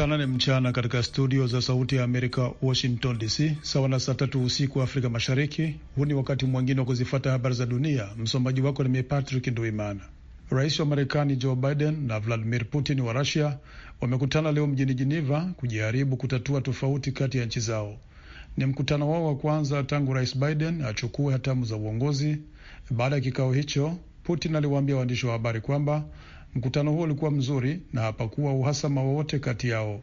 saa nane mchana katika studio za Sauti ya Amerika, Washington DC, sawa na saa tatu usiku wa Afrika Mashariki. Huu ni wakati mwingine wa kuzifata habari za dunia. Msomaji wako ni Patrick Nduimana. Rais wa Marekani Joe Biden na Vladimir Putin wa Rusia wamekutana leo mjini Jeneva kujaribu kutatua tofauti kati ya nchi zao. Ni mkutano wao wa kwanza tangu Rais Biden achukue hatamu za uongozi. Baada ya kikao hicho, Putin aliwaambia waandishi wa habari kwamba Mkutano huo ulikuwa mzuri na hapakuwa uhasama wowote kati yao.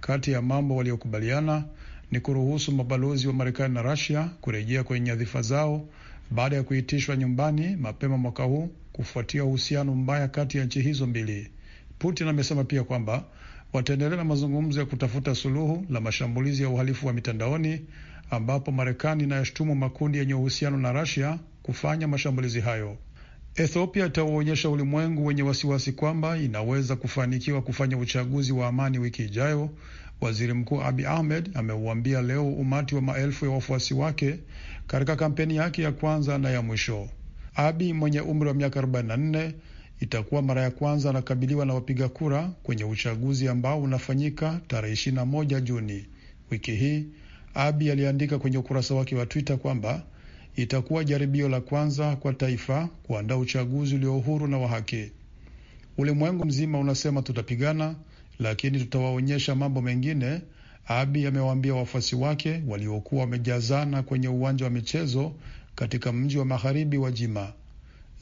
Kati ya mambo waliokubaliana ni kuruhusu mabalozi wa Marekani na Rasia kurejea kwenye nyadhifa zao baada ya kuitishwa nyumbani mapema mwaka huu kufuatia uhusiano mbaya kati ya nchi hizo mbili. Putin amesema pia kwamba wataendelea na mazungumzo ya kutafuta suluhu la mashambulizi ya uhalifu wa mitandaoni ambapo Marekani inayashutumu makundi yenye uhusiano na Rasia kufanya mashambulizi hayo. Ethiopia itauonyesha ulimwengu wenye wasiwasi kwamba inaweza kufanikiwa kufanya uchaguzi wa amani wiki ijayo. Waziri Mkuu Abi Ahmed ameuambia leo umati wa maelfu ya wafuasi wake katika kampeni yake ya kwanza na ya mwisho. Abi mwenye umri wa miaka 44 itakuwa mara ya kwanza anakabiliwa na wapiga kura kwenye uchaguzi ambao unafanyika tarehe 21 Juni wiki hii. Abi aliandika kwenye ukurasa wake wa Twitter kwamba itakuwa jaribio la kwanza kwa taifa kuandaa uchaguzi ulio huru na wa haki. Ulimwengu mzima unasema tutapigana, lakini tutawaonyesha mambo mengine, Abi amewaambia wafuasi wake waliokuwa wamejazana kwenye uwanja wa michezo katika mji wa magharibi wa Jima.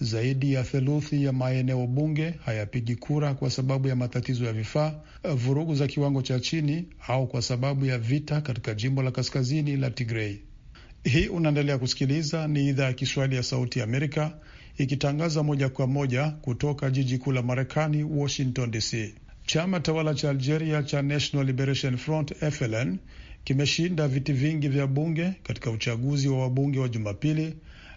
Zaidi ya theluthi ya maeneo bunge hayapigi kura kwa sababu ya matatizo ya vifaa, vurugu za kiwango cha chini, au kwa sababu ya vita katika jimbo la kaskazini la Tigrei. Hii unaendelea kusikiliza ni idhaa ya Kiswahili ya Sauti ya Amerika ikitangaza moja kwa moja kutoka jiji kuu la Marekani, Washington DC. Chama tawala cha Algeria cha National Liberation Front FLN kimeshinda viti vingi vya bunge katika uchaguzi wa wabunge wa Jumapili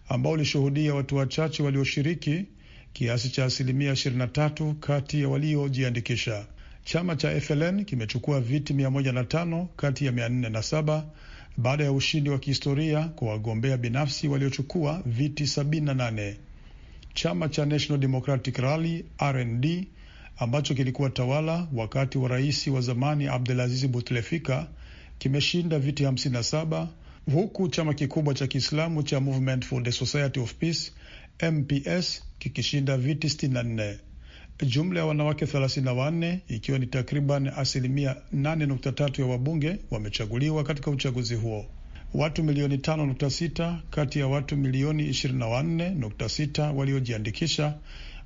ambao ulishuhudia watu wachache walioshiriki, kiasi cha asilimia 23 kati ya waliojiandikisha. Chama cha FLN kimechukua viti 105 kati ya 407 baada ya ushindi wa kihistoria kwa wagombea binafsi waliochukua viti 78. Chama cha National Democratic Rally RND ambacho kilikuwa tawala wakati wa rais wa zamani Abdelaziz Butlefika kimeshinda viti 57 huku chama kikubwa cha Kiislamu cha Movement for the Society of Peace MPS kikishinda viti 64. Jumla ya wanawake 34 ikiwa ni takriban asilimia 8.3 ya wabunge wamechaguliwa katika uchaguzi huo. Watu milioni 5.6 kati ya watu milioni 24.6 waliojiandikisha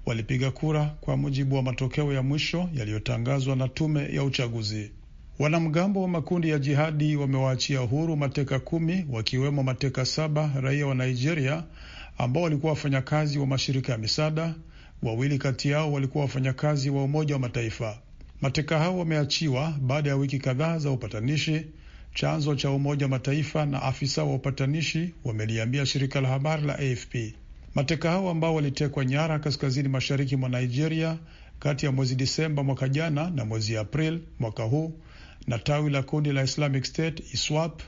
walipiga kura kwa mujibu wa matokeo ya mwisho yaliyotangazwa na tume ya uchaguzi. Wanamgambo wa makundi ya jihadi wamewaachia huru mateka kumi wakiwemo mateka saba raia wa Nigeria ambao walikuwa wafanyakazi wa mashirika ya misaada Wawili kati yao walikuwa wafanyakazi wa Umoja wa Mataifa. Mateka hao wameachiwa baada ya wiki kadhaa za upatanishi. Chanzo cha Umoja wa Mataifa na afisa wa upatanishi wameliambia shirika la habari la AFP mateka hao ambao walitekwa nyara kaskazini mashariki mwa Nigeria kati ya mwezi Disemba mwaka jana na mwezi April mwaka huu na tawi la kundi la Islamic State ISWAP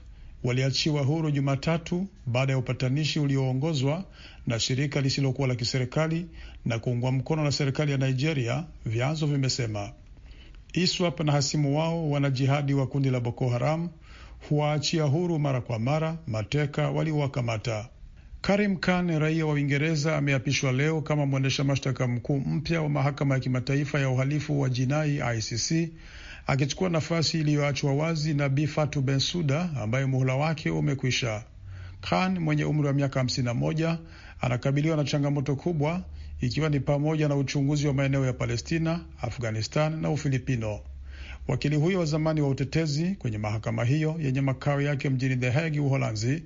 waliachiwa huru Jumatatu baada ya upatanishi ulioongozwa na shirika lisilokuwa la kiserikali na kuungwa mkono na serikali ya Nigeria, vyanzo vimesema. ISWAP na hasimu wao wanajihadi wa kundi la Boko Haram huwaachia huru mara kwa mara mateka waliowakamata. Karim Khan, raia wa Uingereza, ameapishwa leo kama mwendesha mashtaka mkuu mpya wa mahakama ya kimataifa ya uhalifu wa jinai ICC akichukua nafasi iliyoachwa wazi na Bi Fatu Bensuda ambaye muhula wake umekwisha. Khan mwenye umri wa miaka 51 anakabiliwa na changamoto kubwa ikiwa ni pamoja na uchunguzi wa maeneo ya Palestina, Afghanistan na Ufilipino. Wakili huyo wa zamani wa utetezi kwenye mahakama hiyo yenye makao yake mjini The Hague, Uholanzi,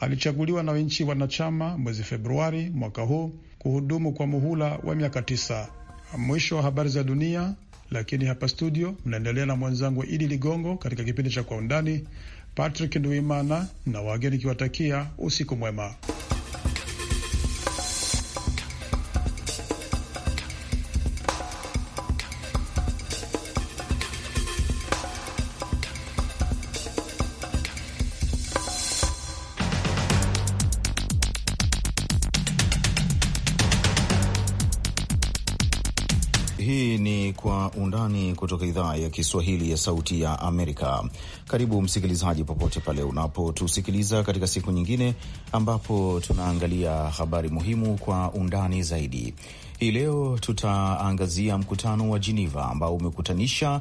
alichaguliwa na nchi wanachama mwezi Februari mwaka huu kuhudumu kwa muhula wa miaka tisa. Mwisho wa habari za dunia lakini hapa studio mnaendelea na mwenzangu Idi Ligongo katika kipindi cha Kwa Undani. Patrick Nduimana na wageni kiwatakia usiku mwema. kutoka idhaa ya Kiswahili ya Sauti ya Amerika. Karibu msikilizaji, popote pale unapotusikiliza katika siku nyingine ambapo tunaangalia habari muhimu kwa undani zaidi. Hii leo tutaangazia mkutano wa Geneva ambao umekutanisha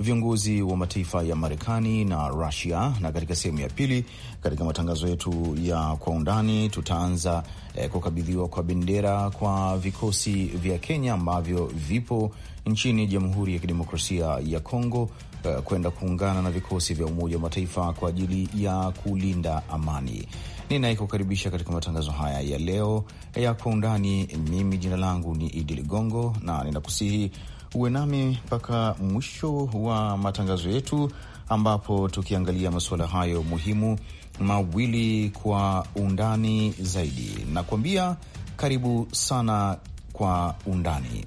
viongozi wa mataifa ya Marekani na Rusia. Na katika sehemu ya pili katika matangazo yetu ya kwa undani tutaanza eh, kukabidhiwa kwa bendera kwa vikosi vya Kenya ambavyo vipo nchini Jamhuri ya Kidemokrasia ya Kongo eh, kwenda kuungana na vikosi vya Umoja wa Mataifa kwa ajili ya kulinda amani. Ninayekukaribisha katika matangazo haya ya leo eh, ya kwa undani, mimi jina langu ni Idi Ligongo na ninakusihi uwe nami mpaka mwisho wa matangazo yetu, ambapo tukiangalia masuala hayo muhimu mawili kwa undani zaidi. Nakuambia karibu sana kwa undani.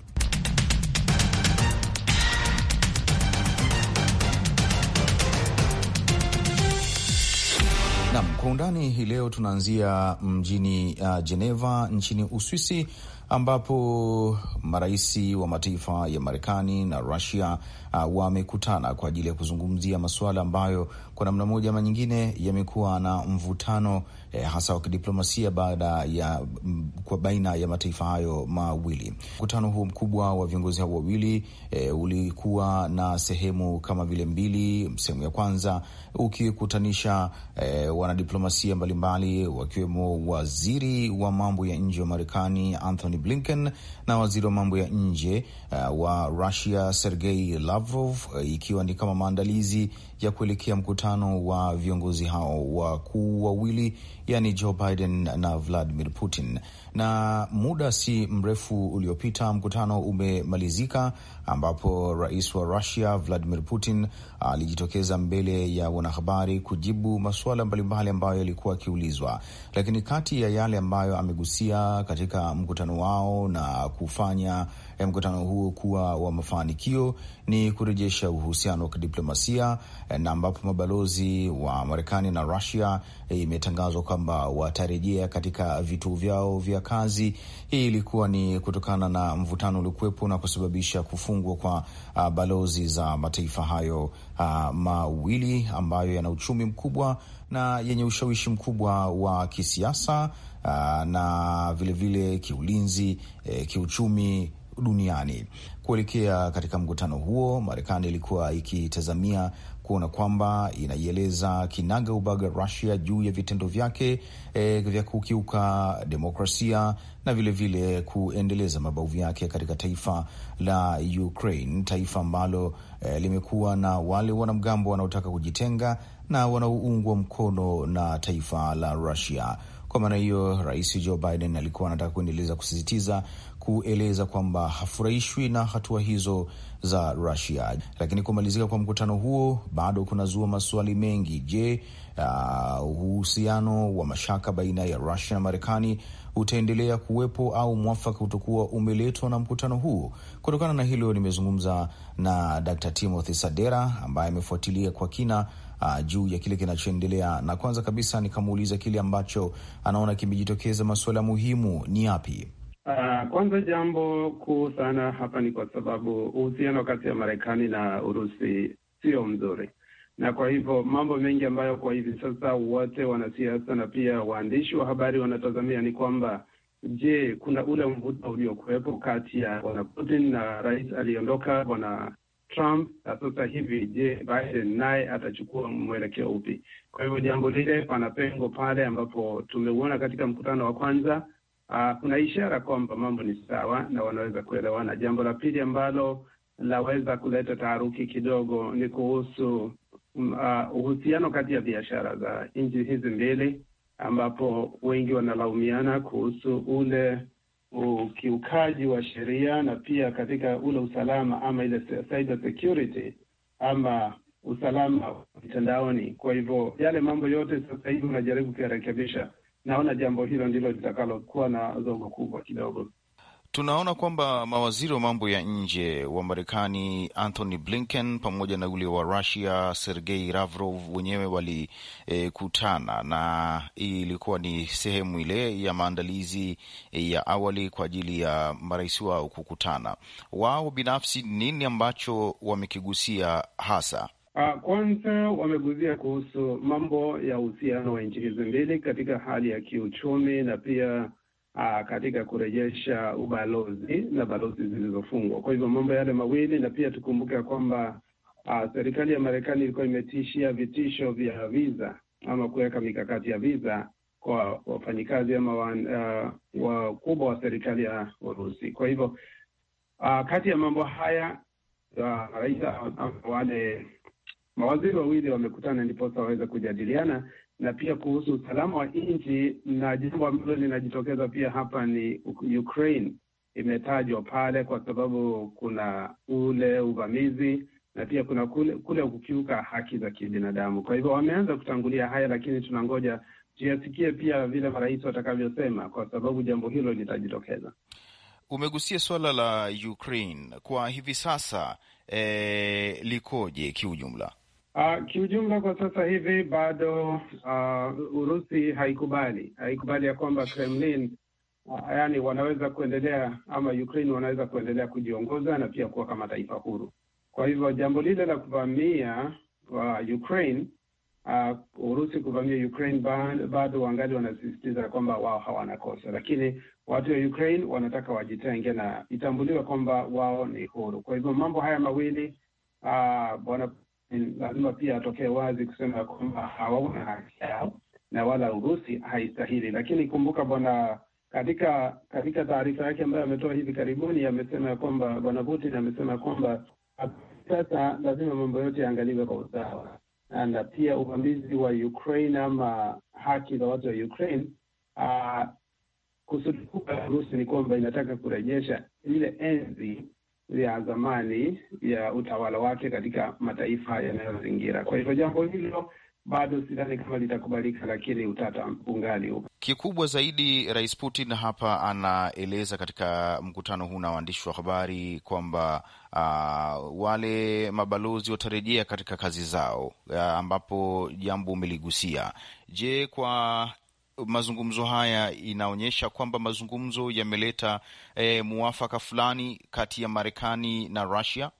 Nam, kwa undani hii leo tunaanzia mjini uh, Geneva nchini Uswisi ambapo marais wa mataifa ya Marekani na Rusia uh, wamekutana kwa ajili ya kuzungumzia masuala ambayo kwa namna moja ama nyingine yamekuwa na mvutano eh, hasa wa kidiplomasia baada ya mm, kwa baina ya mataifa hayo mawili. Mkutano huo mkubwa wa viongozi hao wawili eh, ulikuwa na sehemu kama vile mbili, sehemu ya kwanza ukikutanisha eh, wanadiplomasia mbalimbali wakiwemo waziri wa mambo ya nje wa Marekani Anthony Blinken na waziri wa mambo ya nje uh, wa Russia Sergei Lavrov Lavrov, eh, ikiwa ni kama maandalizi ya kuelekea mkutano wa viongozi hao wakuu wawili, yani Joe Biden na Vladimir Putin. Na muda si mrefu uliopita mkutano umemalizika, ambapo rais wa Russia Vladimir Putin alijitokeza mbele ya wanahabari kujibu masuala mbalimbali ambayo yalikuwa akiulizwa, lakini kati ya yale ambayo amegusia katika mkutano wao na kufanya Eh, mkutano huo kuwa wa mafanikio ni kurejesha uhusiano wa kidiplomasia eh, na ambapo mabalozi wa Marekani na Rusia eh, imetangazwa kwamba watarejea katika vituo vyao vya kazi. Hii ilikuwa ni kutokana na mvutano uliokuwepo na kusababisha kufungwa kwa ah, balozi za mataifa hayo ah, mawili ambayo yana uchumi mkubwa na yenye ushawishi mkubwa wa kisiasa ah, na vilevile kiulinzi, kiuchumi duniani. Kuelekea katika mkutano huo, Marekani ilikuwa ikitazamia kuona kwamba inaieleza kinaga ubaga Rusia juu ya vitendo vyake e, vya kukiuka demokrasia na vilevile vile kuendeleza mabavu yake katika taifa la Ukraine, taifa ambalo e, limekuwa na wale wanamgambo wanaotaka kujitenga na wanaoungwa mkono na taifa la Rusia. Kwa maana hiyo, Rais Joe Biden alikuwa anataka kuendeleza kusisitiza kueleza kwamba hafurahishwi na hatua hizo za Rusia, lakini kumalizika kwa mkutano huo bado kunazua maswali mengi. Je, uh, uhusiano wa mashaka baina ya Rusia na Marekani utaendelea kuwepo au mwafaka utakuwa umeletwa na mkutano huo? Kutokana na hilo, nimezungumza na d Timothy Sadera ambaye amefuatilia kwa kina Uh, juu ya kile kinachoendelea na kwanza kabisa nikamuuliza kile ambacho anaona kimejitokeza, masuala muhimu ni yapi? Uh, kwanza jambo kuu sana hapa ni kwa sababu uhusiano kati ya Marekani na Urusi sio mzuri, na kwa hivyo mambo mengi ambayo kwa hivi sasa wote wanasiasa na pia waandishi wa habari wanatazamia ni kwamba je, kuna ule mvuto uliokuwepo kati ya bwana Putin na rais aliyeondoka bwana Trump na sasa hivi, je, Biden naye atachukua mwelekeo upi? Kwa hivyo jambo lile, pana pengo pale ambapo tumeuona katika mkutano wa kwanza uh, kuna ishara kwamba mambo ni sawa na wanaweza kuelewana. Jambo la pili ambalo laweza kuleta taharuki kidogo ni kuhusu uh, uhusiano kati ya biashara za nchi hizi mbili, ambapo wengi wanalaumiana kuhusu ule ukiukaji wa sheria na pia katika ule usalama ama ile cyber security ama usalama wa mitandaoni. Kwa hivyo yale mambo yote sasa hivi unajaribu kuyarekebisha naona jambo hilo ndilo litakalokuwa na zogo kubwa kidogo. Tunaona kwamba mawaziri wa mambo ya nje wa Marekani Anthony Blinken pamoja na yule wa Russia Sergei Lavrov wenyewe walikutana, e, na hii ilikuwa ni sehemu ile ya maandalizi eh, ya awali kwa ajili ya marais wao kukutana. Wao binafsi, nini ambacho wamekigusia hasa? Ah, kwanza wameguzia kuhusu mambo ya uhusiano wa nchi hizi mbili katika hali ya kiuchumi na pia uh, katika kurejesha ubalozi na balozi zilizofungwa. Kwa hivyo mambo yale mawili, na pia tukumbuke kwamba ah, serikali ya Marekani ilikuwa imetishia vitisho vya visa ama kuweka mikakati ya visa kwa wafanyikazi ama wakubwa wa, uh, wa serikali ya Urusi. Kwa hivyo uh, kati ya mambo haya uh, rais wale Mawaziri wawili wamekutana ndiposa waweze kujadiliana na pia kuhusu usalama wa nchi, na jambo ambalo linajitokeza pia hapa ni Ukraine imetajwa pale kwa sababu kuna ule uvamizi na pia kuna kule, kule kukiuka haki za kibinadamu. Kwa hivyo wameanza kutangulia haya, lakini tunangoja tuyasikie pia vile marais watakavyosema, kwa sababu jambo hilo litajitokeza. Umegusia suala la Ukraine kwa hivi sasa, eh, likoje kiujumla? Uh, kiujumla kwa sasa hivi bado uh, Urusi haikubali haikubali ya kwamba Kremlin uh, yani wanaweza kuendelea ama Ukraine wanaweza kuendelea kujiongoza na pia kuwa kama taifa huru. Kwa hivyo jambo lile la kuvamia wa Ukraine uh, Urusi kuvamia Ukraine bado wangali wanasisitiza kwamba wao hawana kosa, lakini watu wa Ukraine wanataka wajitenge na itambuliwe kwamba wao ni huru. Kwa hivyo mambo haya mawili uh, bwana lazima pia atokee wazi kusema kwamba hawaona haki yao na wala Urusi haistahili. Lakini kumbuka bwana katika katika taarifa yake ambayo ametoa hivi karibuni amesema ya kwamba bwana Putin amesema kwamba sasa lazima mambo yote yaangaliwe kwa usawa, na pia uvamizi wa Ukraine ama haki za watu wa Ukraine ah, kusudi kubwa ya Urusi ni kwamba inataka kurejesha ile enzi ya zamani ya utawala wake katika mataifa yanayozingira. Kwa hivyo jambo hilo bado sidhani kama litakubalika, lakini utata ungali upo. Kikubwa zaidi, Rais Putin hapa anaeleza katika mkutano huu na waandishi wa habari kwamba uh, wale mabalozi watarejea katika kazi zao, uh, ambapo jambo umeligusia. Je, kwa mazungumzo haya inaonyesha kwamba mazungumzo yameleta e, eh, muafaka fulani kati ya Marekani na Russia.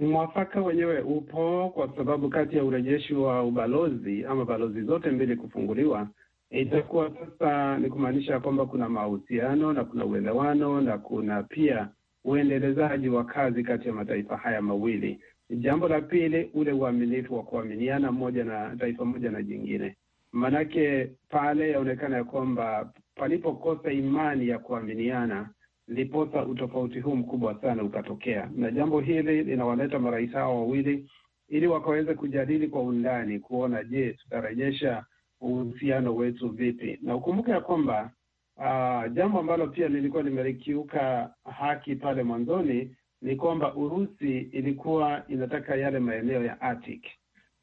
Mwafaka wenyewe upo kwa sababu kati ya urejeshi wa ubalozi ama balozi zote mbili kufunguliwa itakuwa sasa ni kumaanisha kwamba kuna mahusiano na kuna uelewano na kuna pia uendelezaji wa kazi kati ya mataifa haya mawili. Jambo la pili, ule uaminifu wa kuaminiana mmoja na taifa moja na jingine. Maanake pale yaonekana ya kwamba palipokosa imani ya kuaminiana, ndiposa utofauti huu mkubwa sana ukatokea, na jambo hili linawaleta marais hao wawili ili wakaweze kujadili kwa undani kuona, je, tutarejesha uhusiano wetu vipi? Na ukumbuke ya kwamba uh, jambo ambalo pia lilikuwa limekiuka haki pale mwanzoni ni kwamba Urusi ilikuwa inataka yale maeneo ya Arctic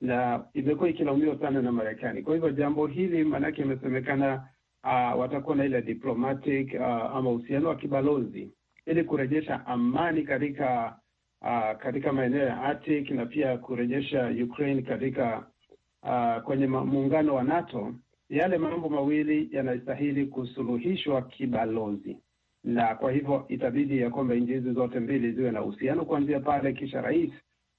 na imekuwa ikilaumiwa sana na Marekani. Kwa hivyo jambo hili maanake imesemekana uh, watakuwa na ile diplomatic uh, ama uhusiano wa kibalozi ili kurejesha amani katika uh, katika maeneo ya Arctic na pia kurejesha Ukraine katika uh, kwenye muungano wa NATO. Yale mambo mawili yanastahili kusuluhishwa kibalozi, na kwa hivyo itabidi ya kwamba nchi hizi zote mbili ziwe na uhusiano kuanzia pale, kisha rais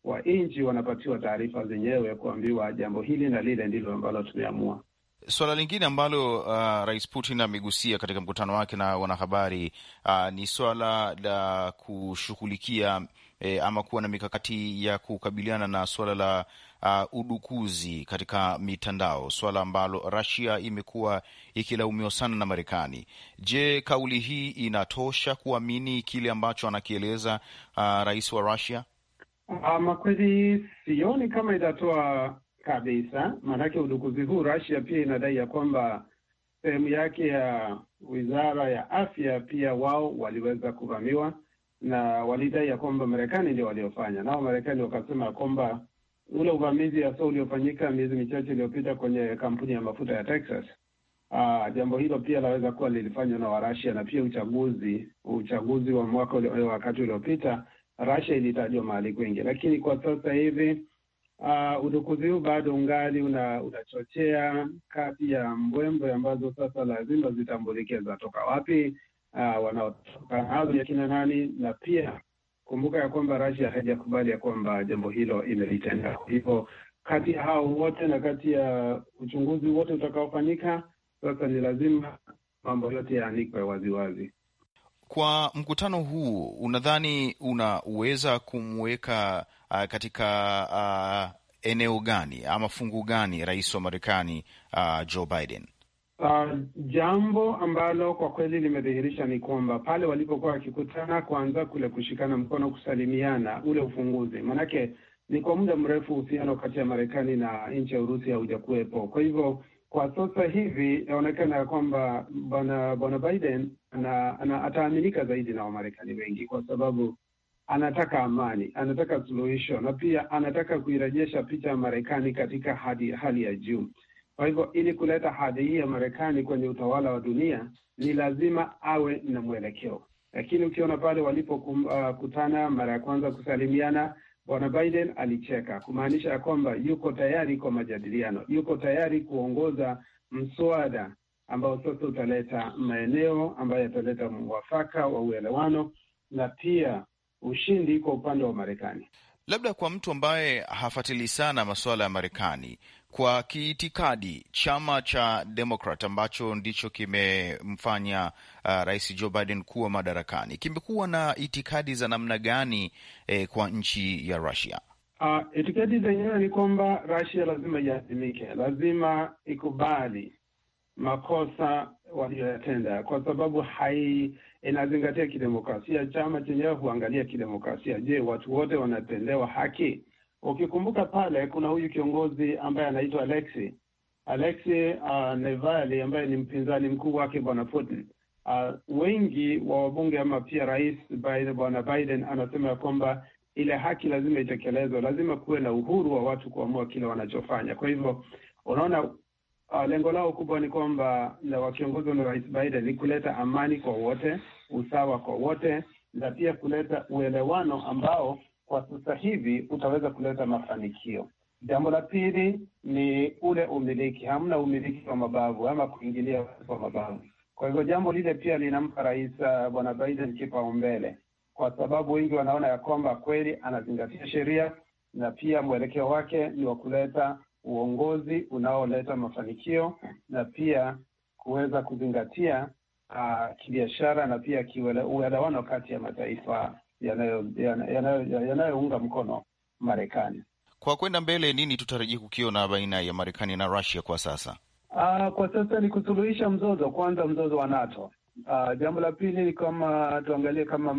wa nchi wanapatiwa taarifa zenyewe kuambiwa jambo hili na lile ndilo ambalo tumeamua. Suala lingine ambalo uh, Rais Putin amegusia katika mkutano wake na wanahabari uh, ni swala la kushughulikia eh, ama kuwa na mikakati ya kukabiliana na suala la uh, udukuzi katika mitandao, swala ambalo Russia imekuwa ikilaumiwa sana na Marekani. Je, kauli hii inatosha kuamini kile ambacho anakieleza uh, rais wa Russia? Ama ah, kweli sioni kama itatoa kabisa, maanake udukuzi huu Russia pia inadai ya kwamba sehemu yake ya wizara ya afya pia wao waliweza kuvamiwa na walidai ya kwamba Marekani ndio waliofanya, nao Marekani wakasema kwamba ule uvamizi hasa uliofanyika miezi michache iliyopita kwenye kampuni ya mafuta ya Texas. Aa, ah, jambo hilo pia laweza kuwa lilifanywa na Warasia na pia uchaguzi uchaguzi wa mwaka wakati uliopita Russia ilitajwa mahali kwingi, lakini kwa sasa hivi uh, udukuzi huu bado ungali una, unachochea kati ya mbwembwe ambazo sasa lazima zitambulike zatoka wapi, uh, wanaotoka nazo ya kina nani, na pia kumbuka ya kwamba Russia haijakubali ya kwamba jambo hilo imelitenda. Kwa hivyo kati ya hao wote na kati ya uchunguzi wote utakaofanyika sasa, ni lazima mambo yote yaanikwe waziwazi kwa mkutano huu unadhani unaweza kumweka uh, katika uh, eneo gani ama fungu gani rais wa Marekani uh, Joe Biden? Uh, jambo ambalo kwa kweli limedhihirisha ni kwamba pale walipokuwa wakikutana, kwanza kule kushikana mkono, kusalimiana, ule ufunguzi, maanake ni kwa muda mrefu uhusiano kati ya Marekani na nchi ya Urusi haujakuwepo. Kwa hivyo kwa sasa hivi inaonekana ya kwamba bwana bwana Biden ana, ana, ataaminika zaidi na Wamarekani wengi kwa sababu anataka amani, anataka suluhisho na pia anataka kuirejesha picha ya Marekani katika hadi, hali ya juu. Kwa hivyo ili kuleta hadhi hii ya Marekani kwenye utawala wa dunia ni lazima awe na mwelekeo, lakini ukiona pale walipokutana uh, mara ya kwanza kusalimiana Bwana Biden alicheka kumaanisha ya kwamba yuko tayari kwa majadiliano, yuko tayari kuongoza mswada ambao sasa utaleta maeneo ambayo yataleta mwafaka wa uelewano na pia ushindi kwa upande wa Marekani. Labda kwa mtu ambaye hafuatili sana masuala ya Marekani, kwa kiitikadi, chama cha Demokrat ambacho ndicho kimemfanya uh, Rais Joe Biden kuwa madarakani kimekuwa na itikadi za namna gani eh, kwa nchi ya rusia Uh, ah, itikadi zenyewe ni kwamba rasia lazima iazimike, lazima ikubali makosa waliyoyatenda, kwa sababu hai inazingatia kidemokrasia, chama chenyewe huangalia kidemokrasia. Je, watu wote wanatendewa haki? Ukikumbuka pale kuna huyu kiongozi ambaye anaitwa Alexi Alexi uh, Navalny ambaye ni mpinzani mkuu wake bwana Putin. Uh, wengi wa wabunge ama pia rais Biden, bwana Biden anasema ya kwamba ile haki lazima itekelezwe, lazima kuwe na uhuru wa watu kuamua kile wanachofanya. Kwa hivyo unaona, uh, lengo lao kubwa ni kwamba na wakiongozwa na rais Biden ni kuleta amani kwa wote usawa kwa wote na pia kuleta uelewano ambao kwa sasa hivi utaweza kuleta mafanikio. Jambo la pili ni ule umiliki, hamna umiliki wa mabavu ama kuingilia kwa mabavu. Kwa hivyo jambo lile pia linampa rais uh, bwana Biden kipaumbele, kwa sababu wengi wanaona ya kwamba kweli anazingatia sheria na pia mwelekeo wake ni wa kuleta uongozi unaoleta mafanikio na pia kuweza kuzingatia uh, kibiashara na pia uelewano kati ya mataifa yanayounga mkono Marekani. Kwa kwenda mbele, nini tutarajia kukiona baina ya Marekani na Russia kwa sasa? Uh, kwa sasa ni kusuluhisha mzozo kwanza, mzozo wa NATO. Uh, jambo la pili ni kama tuangalie kama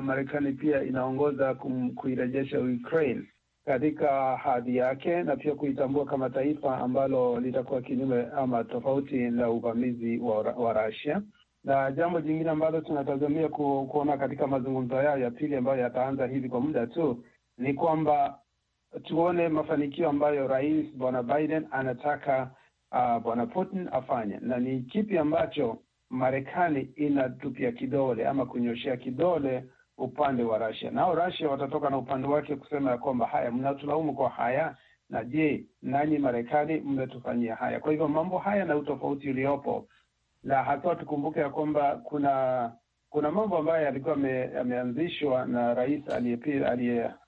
Marekani pia inaongoza kum, kuirejesha Ukraine katika hadhi yake na pia kuitambua kama taifa ambalo litakuwa kinyume ama tofauti na uvamizi wa, wa Russia. Na jambo jingine ambalo tunatazamia ku, kuona katika mazungumzo yao ya pili ambayo yataanza hivi kwa muda tu ni kwamba tuone mafanikio ambayo rais bwana Biden anataka uh, bwana Putin afanye na ni kipi ambacho Marekani inatupia kidole ama kunyoshea kidole upande wa Russia. Nao Russia watatoka na upande wake kusema ya kwamba haya, mnatulaumu kwa haya, na je, nanyi Marekani mmetufanyia haya? Kwa hivyo mambo haya na utofauti uliopo na haswa tukumbuke ya kwamba kuna kuna mambo ambayo yalikuwa yameanzishwa na rais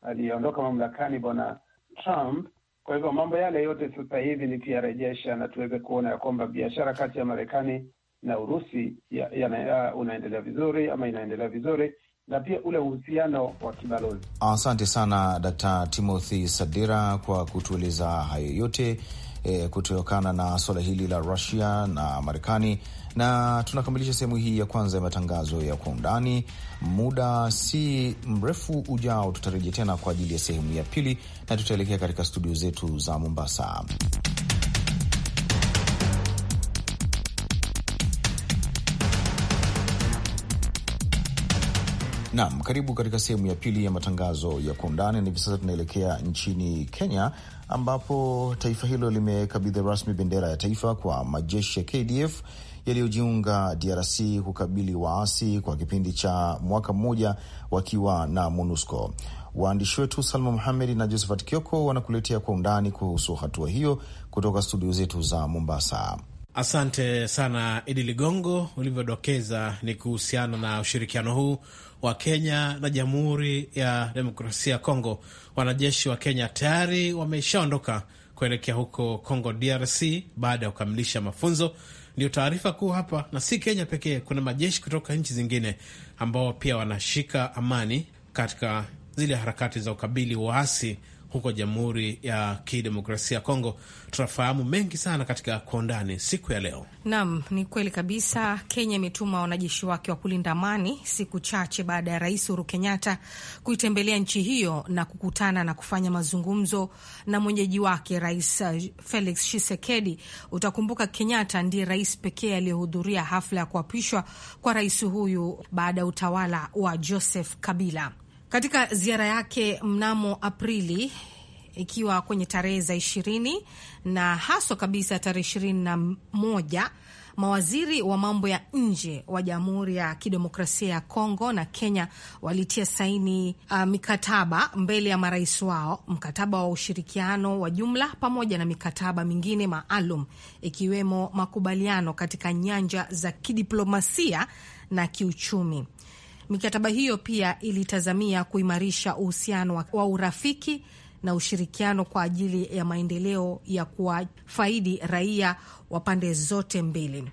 aliyeondoka mamlakani bwana Trump. Kwa hivyo mambo yale yote sasa hivi ni kuyarejesha na tuweze kuona ya kwamba biashara kati ya Marekani na Urusi ya, ya, ya, unaendelea vizuri ama inaendelea vizuri na pia ule uhusiano wa kibalozi. Asante sana Dkt. Timothy Sadira kwa kutueleza hayo yote eh, kutokana na suala hili la Russia na Marekani na tunakamilisha sehemu hii ya kwanza ya matangazo ya kwa undani. Muda si mrefu ujao tutarejea tena kwa ajili ya sehemu ya pili, na tutaelekea katika studio zetu za Mombasa. Naam, karibu katika sehemu ya pili ya matangazo ya kwa undani, na hivi sasa tunaelekea nchini Kenya ambapo taifa hilo limekabidhi rasmi bendera ya taifa kwa majeshi ya KDF yaliyojiunga DRC kukabili waasi kwa kipindi cha mwaka mmoja wakiwa na MONUSCO. Waandishi wetu Salma Muhamedi na Josephat Kioko wanakuletea kwa undani kuhusu hatua hiyo kutoka studio zetu za Mombasa. Asante sana Idi Ligongo. Ulivyodokeza ni kuhusiana na ushirikiano huu wa Kenya na Jamhuri ya Demokrasia ya Kongo. Wanajeshi wa Kenya tayari wameshaondoka kuelekea huko congo DRC baada ya kukamilisha mafunzo. Ndio taarifa kuu hapa, na si Kenya pekee, kuna majeshi kutoka nchi zingine ambao pia wanashika amani katika zile harakati za ukabili waasi huko Jamhuri ya Kidemokrasia ya Kongo. tunafahamu mengi sana katika kwa undani siku ya leo. Naam, ni kweli kabisa. Kenya imetuma wanajeshi wake wa kulinda amani siku chache baada ya Rais Uhuru Kenyatta kuitembelea nchi hiyo na kukutana na kufanya mazungumzo na mwenyeji wake Rais uh, Felix Tshisekedi. Utakumbuka Kenyatta ndiye rais pekee aliyehudhuria hafla ya kuapishwa kwa rais huyu baada ya utawala wa Joseph Kabila katika ziara yake mnamo Aprili ikiwa kwenye tarehe za ishirini na haswa kabisa tarehe ishirini na moja mawaziri wa mambo ya nje wa Jamhuri ya Kidemokrasia ya Kongo na Kenya walitia saini uh, mikataba mbele ya marais wao, mkataba wa ushirikiano wa jumla pamoja na mikataba mingine maalum ikiwemo makubaliano katika nyanja za kidiplomasia na kiuchumi. Mikataba hiyo pia ilitazamia kuimarisha uhusiano wa urafiki na ushirikiano kwa ajili ya maendeleo ya kuwafaidi raia wa pande zote mbili.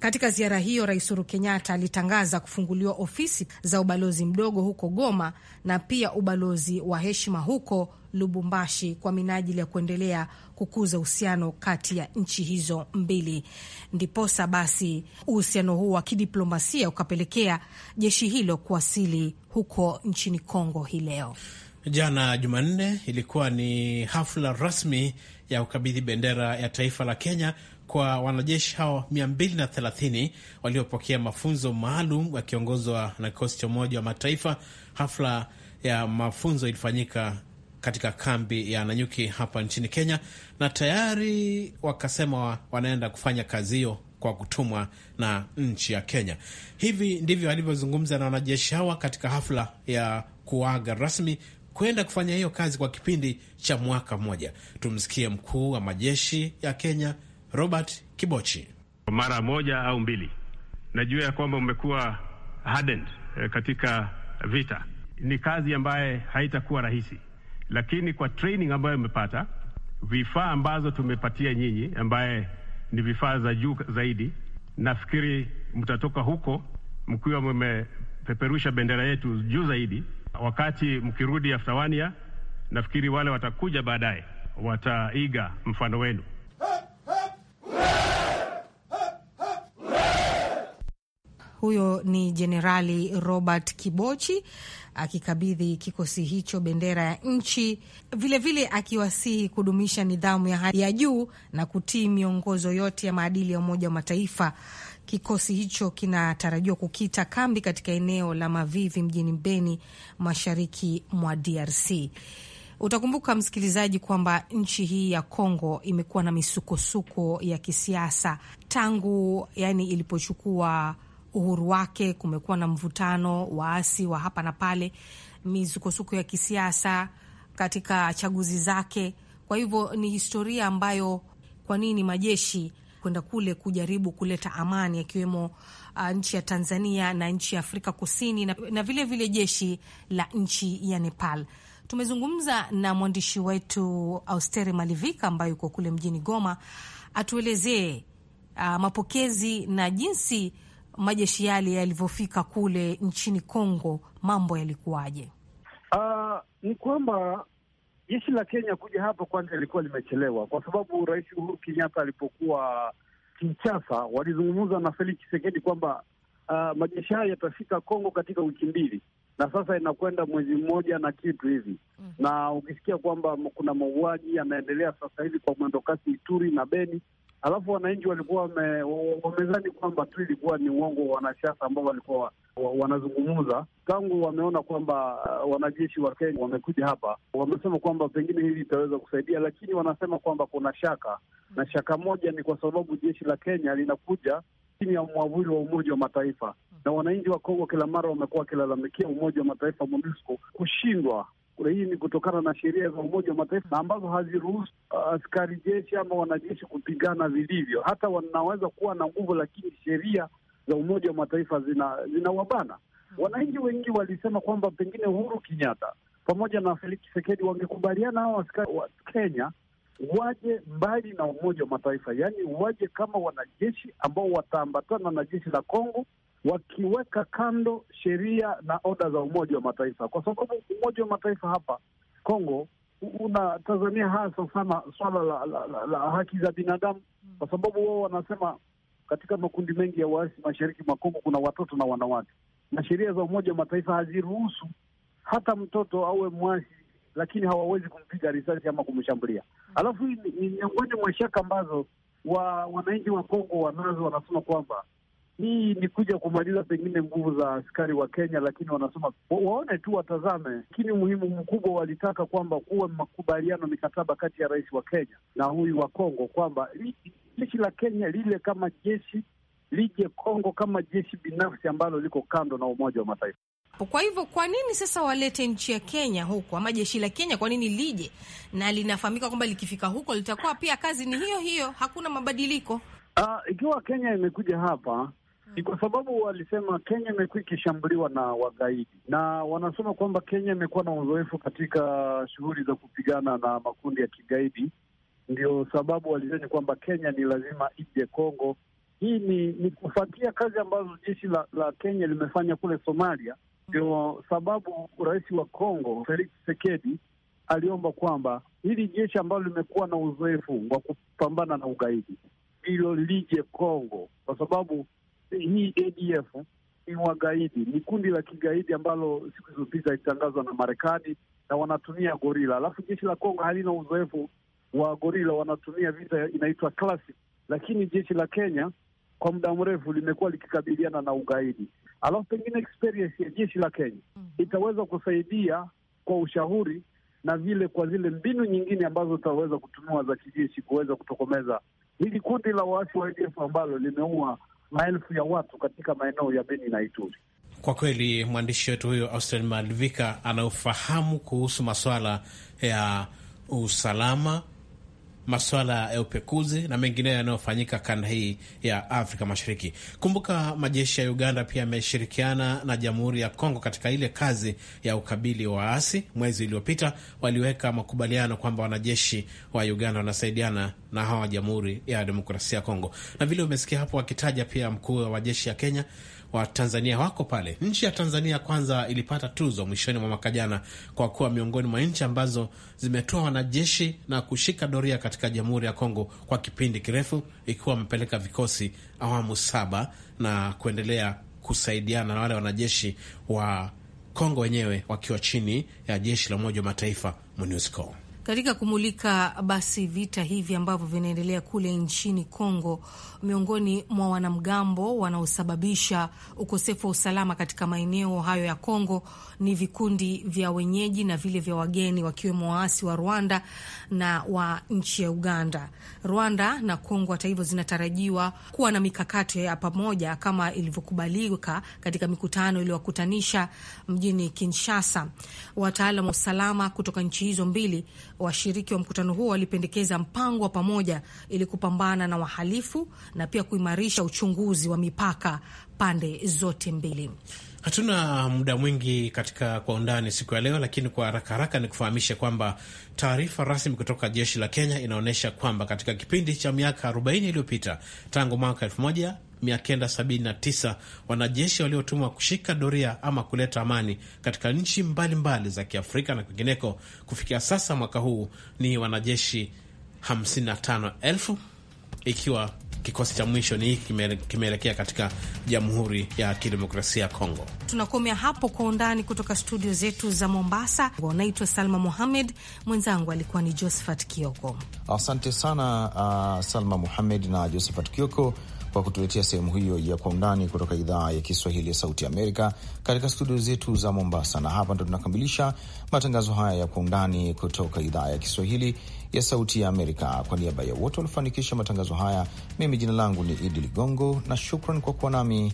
Katika ziara hiyo, Rais Uhuru Kenyatta alitangaza kufunguliwa ofisi za ubalozi mdogo huko Goma na pia ubalozi wa heshima huko Lubumbashi kwa minajili ya kuendelea kukuza uhusiano kati ya nchi hizo mbili. Ndiposa basi uhusiano huu wa kidiplomasia ukapelekea jeshi hilo kuwasili huko nchini Kongo hii leo. Jana Jumanne ilikuwa ni hafla rasmi ya kukabidhi bendera ya taifa la Kenya kwa wanajeshi hao 230 waliopokea mafunzo maalum wakiongozwa na kikosi cha Umoja wa Mataifa. Hafla ya mafunzo ilifanyika katika kambi ya Nanyuki hapa nchini Kenya, na tayari wakasema wanaenda kufanya kazi hiyo kwa kutumwa na nchi ya Kenya. Hivi ndivyo alivyozungumza na wanajeshi hawa katika hafla ya kuaga rasmi kwenda kufanya hiyo kazi kwa kipindi cha mwaka mmoja. Tumsikie mkuu wa majeshi ya Kenya Robert Kibochi. Mara moja au mbili, najua ya kwamba umekuwa hardened eh, katika vita. Ni kazi ambaye haitakuwa rahisi, lakini kwa training ambayo umepata, vifaa ambazo tumepatia nyinyi, ambaye ni vifaa za juu zaidi, nafikiri mtatoka huko mkiwa mmepeperusha bendera yetu juu zaidi. Wakati mkirudi aftawania, nafikiri wale watakuja baadaye wataiga mfano wenu. huyo ni Jenerali Robert Kibochi akikabidhi kikosi hicho bendera ya nchi, vilevile akiwasihi kudumisha nidhamu ya hali ya juu na kutii miongozo yote ya maadili ya Umoja wa Mataifa. Kikosi hicho kinatarajiwa kukita kambi katika eneo la Mavivi mjini Beni, mashariki mwa DRC. Utakumbuka msikilizaji, kwamba nchi hii ya Kongo imekuwa na misukosuko ya kisiasa tangu yani ilipochukua uhuru wake, kumekuwa na mvutano, waasi wa hapa na pale, mizukosuko ya kisiasa katika chaguzi zake. Kwa hivyo ni historia ambayo, kwa nini majeshi kwenda kule kujaribu kuleta amani, akiwemo uh, nchi ya Tanzania na nchi ya Afrika Kusini na, na vile vile jeshi la nchi ya Nepal. Tumezungumza na mwandishi wetu Austeri Malivika ambayo yuko kule mjini Goma, atuelezee uh, mapokezi na jinsi majeshi yale yalivyofika kule nchini Kongo, mambo yalikuwaje? Uh, ni kwamba jeshi la Kenya kuja hapa kwanza ilikuwa limechelewa, kwa sababu Rais Uhuru Kenyatta alipokuwa Kinshasa walizungumza na Felix Tshisekedi kwamba uh, majeshi hayo yatafika Kongo katika wiki mbili na sasa inakwenda mwezi mmoja na kitu hivi mm. Na ukisikia kwamba kuna mauaji yanaendelea sasa hivi kwa mwendokasi Ituri na Beni, alafu wananchi walikuwa wamezani kwamba tu ilikuwa ni uongo wa wanasiasa ambao walikuwa wanazungumza tangu wameona kwamba uh, wanajeshi wa Kenya wamekuja hapa, wamesema kwamba pengine hili litaweza kusaidia, lakini wanasema kwamba kuna shaka, na shaka moja ni kwa sababu jeshi la Kenya linakuja chini ya mwavuli wa Umoja wa Mataifa, na wananchi wa Kongo kila mara wamekuwa wakilalamikia Umoja wa Mataifa MONUSCO kushindwa hii ni kutokana na sheria za Umoja wa Mataifa ambazo haziruhusu uh, askari jeshi ama wanajeshi kupigana vilivyo. Hata wanaweza kuwa na nguvu, lakini sheria za Umoja wa Mataifa zinawabana zina wananchi wengi walisema kwamba pengine Uhuru Kenyatta pamoja na Felix Tshisekedi wangekubaliana hao askari wa Kenya waje mbali na Umoja wa Mataifa, yaani waje kama wanajeshi ambao wataambatana na jeshi la Kongo wakiweka kando sheria na oda za Umoja wa Mataifa, kwa sababu Umoja wa Mataifa hapa Kongo unatazamia hasa sana swala la, la, la, la haki za binadamu, kwa sababu wao wanasema katika makundi mengi ya waasi mashariki mwa Kongo kuna watoto na wanawake, na sheria za Umoja wa Mataifa haziruhusu hata mtoto awe mwasi, lakini hawawezi kumpiga risasi ama kumshambulia. Alafu ni miongoni mwa shaka ambazo wa wananchi wa Kongo wanazo, wanasema kwamba hii ni kuja kumaliza pengine nguvu za askari wa Kenya, lakini wanasema waone tu, watazame. Lakini umuhimu mkubwa walitaka kwamba kuwe makubaliano, mikataba kati ya rais wa Kenya na huyu wa Kongo, kwamba jeshi la Kenya lile kama jeshi lije Kongo kama jeshi binafsi ambalo liko kando na Umoja wa Mataifa. Kwa hivyo kwa nini sasa walete nchi ya Kenya huko ama jeshi la Kenya kwa nini lije? Na linafahamika kwamba likifika huko litakuwa pia kazi ni hiyo hiyo, hakuna mabadiliko. Uh, ikiwa Kenya imekuja hapa ni kwa sababu walisema Kenya imekuwa ikishambuliwa na wagaidi, na wanasema kwamba Kenya imekuwa na uzoefu katika shughuli za kupigana na makundi ya kigaidi. Ndio sababu walizani kwamba Kenya ni lazima ije Kongo. Hii ni, ni kufuatia kazi ambazo jeshi la, la Kenya limefanya kule Somalia. Ndio sababu rais wa Kongo Felix Tshisekedi aliomba kwamba hili jeshi ambalo limekuwa na uzoefu wa kupambana na ugaidi ndilo lije Kongo, kwa sababu hii ADF ni wagaidi, ni kundi la kigaidi ambalo siku zilizopita ilitangazwa na Marekani na wanatumia gorila, alafu jeshi la Kongo halina uzoefu wa gorila, wanatumia vita inaitwa classic, lakini jeshi la Kenya kwa muda mrefu limekuwa likikabiliana na ugaidi. Alafu pengine experience ya jeshi la Kenya mm -hmm. itaweza kusaidia kwa ushauri na vile kwa zile mbinu nyingine ambazo zitaweza kutumiwa za kijeshi kuweza kutokomeza hili kundi la waasi wa ADF ambalo limeua maelfu ya watu katika maeneo ya Beni na Ituri. Kwa kweli mwandishi wetu huyo Austin Malvika anaofahamu kuhusu masuala ya usalama maswala ya upekuzi na mengineyo yanayofanyika kanda hii ya Afrika Mashariki. Kumbuka majeshi ya Uganda pia yameshirikiana na Jamhuri ya Kongo katika ile kazi ya ukabili wa waasi. Mwezi uliopita waliweka makubaliano kwamba wanajeshi wa Uganda wanasaidiana na hawa Jamhuri ya Demokrasia ya Kongo, na vile umesikia hapo wakitaja pia mkuu wa majeshi ya Kenya Watanzania wako pale. Nchi ya Tanzania kwanza ilipata tuzo mwishoni mwa mwaka jana kwa kuwa miongoni mwa nchi ambazo zimetoa wanajeshi na kushika doria katika Jamhuri ya Kongo kwa kipindi kirefu, ikiwa wamepeleka vikosi awamu saba na kuendelea kusaidiana na wale wanajeshi wa Kongo wenyewe wakiwa chini ya jeshi la Umoja wa Mataifa MONUSCO. Katika kumulika basi vita hivi ambavyo vinaendelea kule nchini Kongo, miongoni mwa wanamgambo wanaosababisha ukosefu wa usalama katika maeneo hayo ya Kongo ni vikundi vya wenyeji na vile vya wageni, wakiwemo waasi wa Rwanda na wa nchi ya Uganda. Rwanda na Kongo, hata hivyo, zinatarajiwa kuwa na mikakati ya pamoja kama ilivyokubalika katika mikutano iliyowakutanisha mjini Kinshasa. Wataalam wa usalama kutoka nchi hizo mbili Washiriki wa mkutano huo walipendekeza mpango wa pamoja ili kupambana na wahalifu na pia kuimarisha uchunguzi wa mipaka pande zote mbili. Hatuna muda mwingi katika kwa undani siku ya leo, lakini kwa haraka haraka ni kufahamisha kwamba taarifa rasmi kutoka jeshi la Kenya inaonyesha kwamba katika kipindi cha miaka 40 iliyopita tangu mwaka 1 979 wanajeshi waliotumwa kushika doria ama kuleta amani katika nchi mbalimbali mbali za Kiafrika na kwingineko. Kufikia sasa mwaka huu ni wanajeshi 55,000 ikiwa kikosi cha mwisho ni hiki kimeelekea katika Jamhuri ya Kidemokrasia ya Kongo. Tunakomea hapo kwa undani kutoka studio zetu za Mombasa. Naitwa Salma Muhamed, mwenzangu alikuwa ni Josephat Kioko. Asante sana uh, Salma Muhamed na Josephat Kioko kwa kutuletea sehemu hiyo ya kwa undani kutoka idhaa ya Kiswahili ya Sauti ya Amerika katika studio zetu za Mombasa. Na hapa ndo tunakamilisha matangazo haya ya kwa undani kutoka idhaa ya Kiswahili ya Sauti ya Amerika. Kwa niaba ya wote waliofanikisha matangazo haya, mimi jina langu ni Idi Ligongo na shukran kwa kuwa nami.